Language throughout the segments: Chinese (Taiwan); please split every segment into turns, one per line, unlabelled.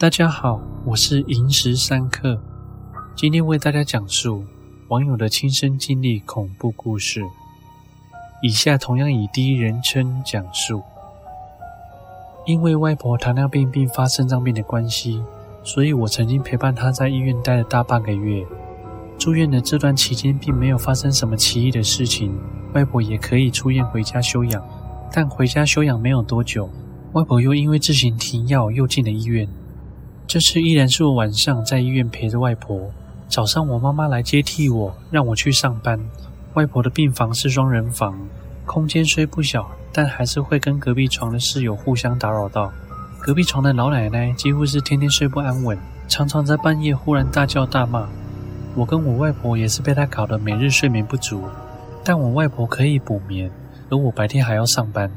大家好，我是寅時三刻，今天為大家講述網友的親身經歷恐怖故事。以下同樣以第一人稱講述。因為外婆糖尿病併發腎臟病的關係，所以我曾經陪伴她在醫院待了大半個月。住院的這段期間，並沒有發生什麼奇異的事情，外婆也可以出院回家休養。但回家休養沒有多久，外婆又因為自行停藥，又進了醫院。這次依然是我晚上在醫院陪着外婆，早上我媽媽來接替我，讓我去上班。外婆的病房是雙人房，空間雖不小，但還是會跟隔壁床的室友互相打擾到。隔壁床的老奶奶幾乎是天天睡不安穩，常常在半夜忽然大叫大罵。我跟我外婆也是被她搞得每日睡眠不足，但我外婆可以補眠，而我白天還要上班。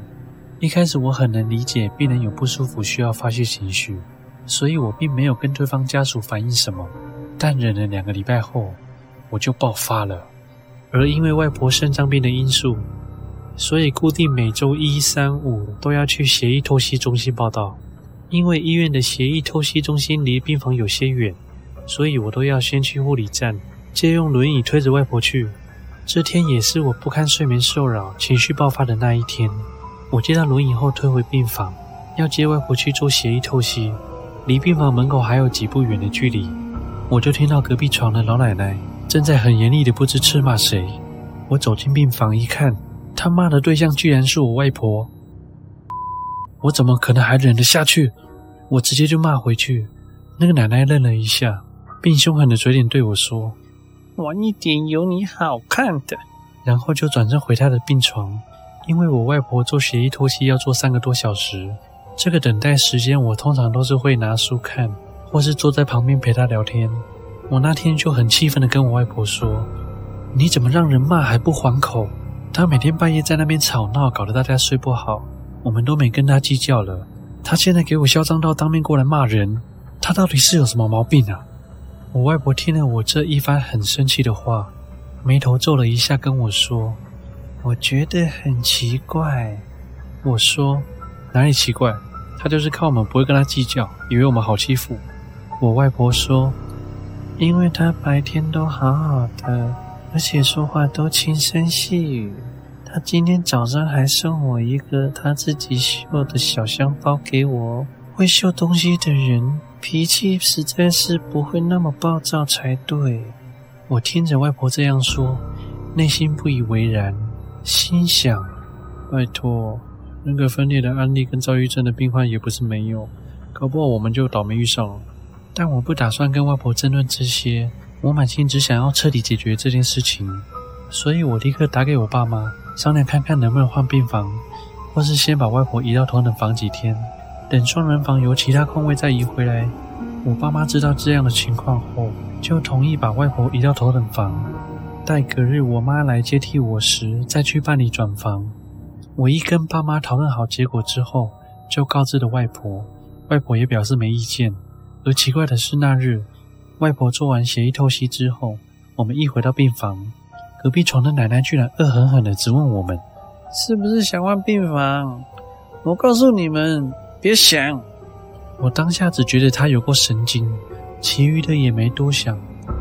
一開始我很能理解病人有不舒服需要發洩情緒。所以我並沒有跟對方家屬反映什麼，但忍了兩個禮拜後，我就爆發了。而因為外婆腎臟病的因素，所以固定每週一、三、五都要去血液透析中心報到。因為醫院的血液透析中心離病房有些遠，所以我都要先去護理站借用輪椅推着外婆去。這天也是我不堪睡眠受擾、情緒爆發的那一天。我接到輪椅後，退回病房，要接外婆去做血液透析。離病房門口還有幾步遠的距離，我就聽到隔壁床的老奶奶正在很嚴厲的不知斥罵誰。我走進病房一看，她罵的對象居然是我外婆。我怎麼可能還忍得下去？我直接就罵回去。那個奶奶愣了一下，並兇狠的嘴臉對我說：“晚一點有你好看的。”然後就轉身回她的病床，因為我外婆做血液透析要做三個多小時。這個等待時間，我通常都是會拿書看，或是坐在旁邊陪他聊天。我那天就很氣憤地跟我外婆說：“你怎麼讓人罵還不還口？她每天半夜在那邊吵鬧，搞得大家睡不好，我們都沒跟她計較了。她現在給我囂張到當面過來罵人，她到底是有什麼毛病啊？”我外婆聽了我這一番很生氣的話，眉頭皺了一下，跟我說：“我覺得很奇怪。”我說。哪裡奇怪？他就是看我們不會跟他計較，以為我們好欺負。我外婆說，因為他白天都好好的，而且說話都輕聲細語。他今天早上還送我一個他自己繡的小香包給我。會繡東西的人，脾氣實在是不會那麼暴躁才對。我聽着外婆這樣說，內心不以為然，心想：拜托。人格分裂的案例跟躁鬱症的病患也不是沒有，搞不好我們就倒霉遇上了。但我不打算跟外婆爭論這些，我滿心只想要徹底解決這件事情，所以我立刻打給我爸媽商量，看看能不能換病房，或是先把外婆移到頭等房幾天，等雙人房有其他空位再移回來。我爸媽知道這樣的情況後，就同意把外婆移到頭等房，待隔日我媽來接替我時再去辦理轉房。我一跟爸媽討論好結果之後，就告知了外婆，外婆也表示沒意見。而奇怪的是，那日外婆做完血液透析之後，我們一回到病房，隔壁床的奶奶居然惡狠狠地質問我們：“是不是想換病房？我告訴你們，別想！”我當下只覺得她有過神經，其餘的也沒多想。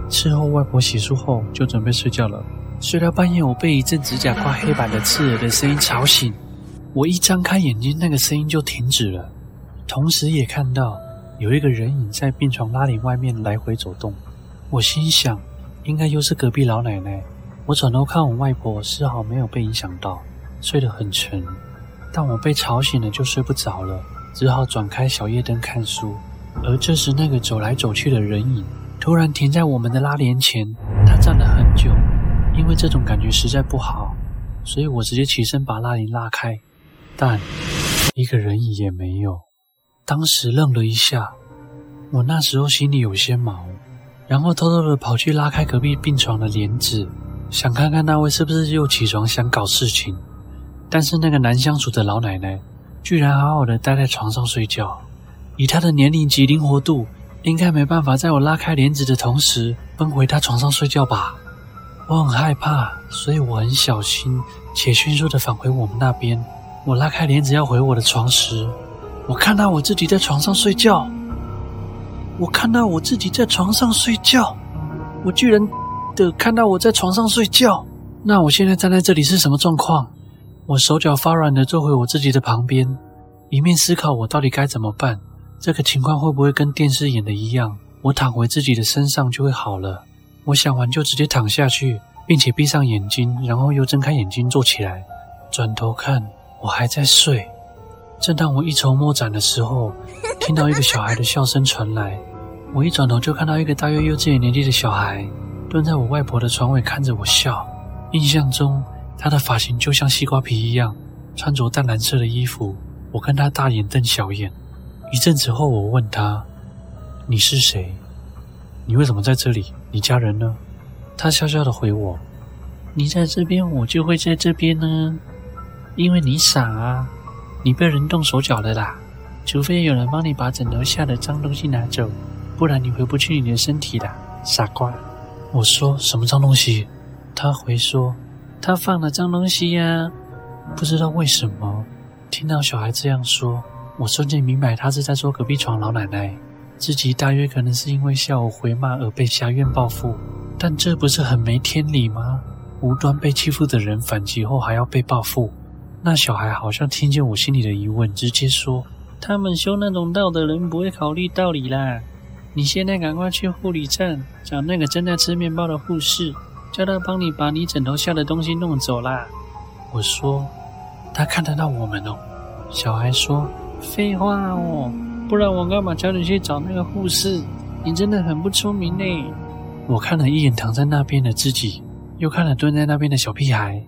伺候外婆洗漱後就準備睡覺了。睡到半夜，我被一陣指甲刮黑板的刺耳的聲音吵醒。我一張開眼睛，那個聲音就停止了，同時也看到有一個人影在病床拉簾外面來回走動。我心想，應該又是隔壁老奶奶。我轉頭看我外婆，絲毫沒有被影響到，睡得很沉。但我被吵醒了，就睡不着了，只好轉開小夜燈看書。而這時，那個走來走去的人影突然停在我們的拉簾前，他站了很久。因為這種感覺實在不好，所以我直接起身把拉簾拉開，但一個人影也沒有。當時愣了一下，我那時候心裡有些毛，然後偷偷的跑去拉開隔壁病床的簾子，想看看那位是不是又起床想搞事情。但是那個難相處的老奶奶居然好好的待在床上睡覺，以她的年齡及靈活度，應該沒辦法在我拉開簾子的同時奔回她床上睡覺吧。我很害怕，所以我很小心且迅速地返回我們那邊。我拉開簾子要回我的床時，我看到我自己在床上睡覺。我看到我自己在床上睡覺，我居然、X、的看到我在床上睡覺。那我現在站在這裡是什麼狀況？我手腳發軟地坐回我自己的旁邊，一面思考我到底該怎麼辦。這個情況會不會跟電視演的一樣？我躺回自己的身上就會好了。我想完就直接躺下去，並且閉上眼睛，然後又睜開眼睛坐起來，轉頭看，我還在睡。正當我一籌莫展的時候，聽到一個小孩的笑聲傳來，我一轉頭就看到一個大約幼稚園年紀的小孩蹲在我外婆的床尾看着我笑。印象中，他的髮型就像西瓜皮一樣，穿着淡藍色的衣服。我跟他大眼瞪小眼。一陣子後，我問他：“你是誰？”你為什麼在這裡？你家人呢？他笑笑的回我：“你在這邊，我就會在這邊呢。因為你傻啊，你被人動手腳了啦。除非有人幫你把枕頭下的髒東西拿走，不然你回不去你的身體的，傻瓜。”我說：“什麼髒東西？”他回說：“他放了髒東西呀、啊。”不知道為什麼，聽到小孩這樣說，我瞬間明白他是在說隔壁床老奶奶。自己大約可能是因為下午回罵而被下院報復，但這不是很沒天理嗎？無端被欺負的人反擊後還要被報復？那小孩好像聽見我心裡的疑問，直接說：“他們修那種道的人不會考慮道理啦。你現在趕快去護理站找那個正在吃麵包的護士，叫他幫你把你枕頭下的東西弄走啦。”我說：“他看得到我們哦。”小孩說：“廢話哦。”不然我幹嘛叫你去找那個護士？你真的很不聰明呢、欸。我看了一眼躺在那邊的自己，又看了蹲在那邊的小屁孩，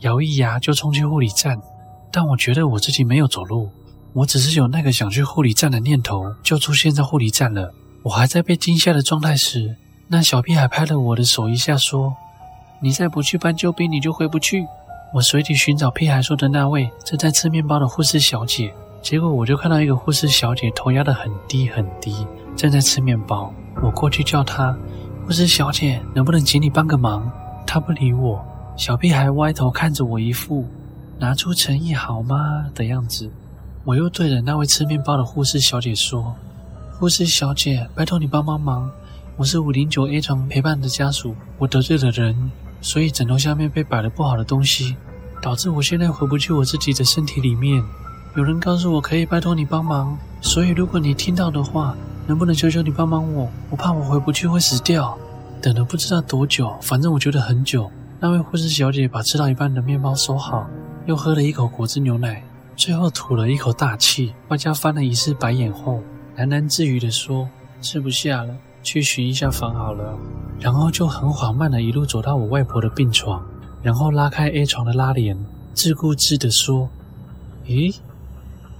咬一牙就衝去護理站。但我覺得我自己沒有走路，我只是有那個想去護理站的念頭，就出現在護理站了。我還在被驚嚇的狀態時，那小屁孩拍了我的手一下，說：“你再不去搬救兵，你就回不去。”我隨即尋找屁孩說的那位正在吃麵包的護士小姐。結果我就看到一個護士小姐頭壓得很低很低，正在吃麵包。我過去叫她：“護士小姐，能不能請你幫個忙？”她不理我，小屁孩歪頭看着我，一副拿出誠意好嗎的樣子。我又對着那位吃麵包的護士小姐說：“護士小姐，拜托你幫幫忙，忙。我是五零九 A 床陪伴的家屬，我得罪了人，所以枕頭下面被擺了不好的東西，導致我現在回不去我自己的身體裡面。”有人告訴我可以拜托你幫忙，所以如果你聽到的話，能不能求求你幫幫我？我怕我回不去會死掉，等了不知道多久，反正我覺得很久。那位護士小姐把吃到一半的麵包收好，又喝了一口果汁牛奶，最後吐了一口大氣，外加翻了一次白眼後，喃喃自語地說：“吃不下了，去巡一下房好了。”然後就很緩慢地一路走到我外婆的病床，然後拉開 A 床的拉簾，自顧自地說：“咦。”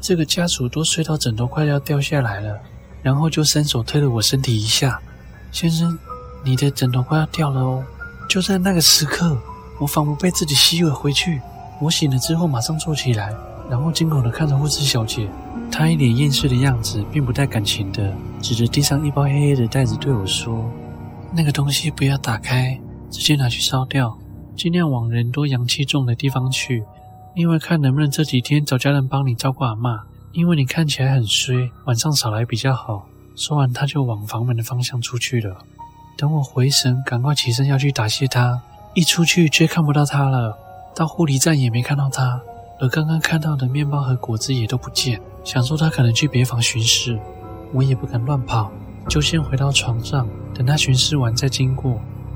這個家屬都睡到枕頭快要掉下來了，然後就伸手推了我身體一下。先生，你的枕頭快要掉了哦！就在那個時刻，我仿佛被自己吸了回去。我醒了之後馬上坐起來，然後驚恐的看着護士小姐，她一臉厭世的樣子，並不帶感情的指着地上一包黑黑的袋子對我說：“那個東西不要打開，直接拿去燒掉，儘量往人多陽氣重的地方去。”因為看能不能這幾天找家人幫你照顧阿嬤，因為你看起來很衰，晚上少來比較好。說完，他就往房門的方向出去了。等我回神，趕快起身要去答謝他，一出去卻看不到他了。到護理站也沒看到他，而剛剛看到的面包和果子也都不見。想說他可能去別房巡視，我也不敢亂跑，就先回到床上，等他巡視完再經過。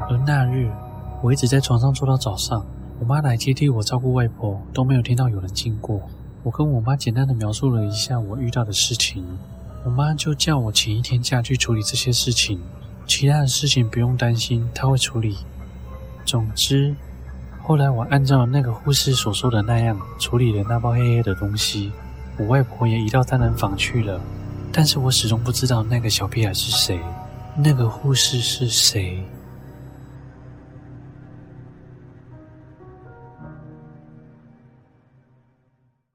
而那日，我一直在床上坐到早上。我媽來接替我照顧外婆，都沒有聽到有人經過。我跟我媽簡單的描述了一下我遇到的事情，我媽就叫我請一天假去處理這些事情，其他的事情不用擔心，她會處理。總之，後來我按照那個護士所說的那樣處理了那包黑黑的東西，我外婆也移到單人房去了。但是我始終不知道那個小屁孩是誰，那個護士是誰。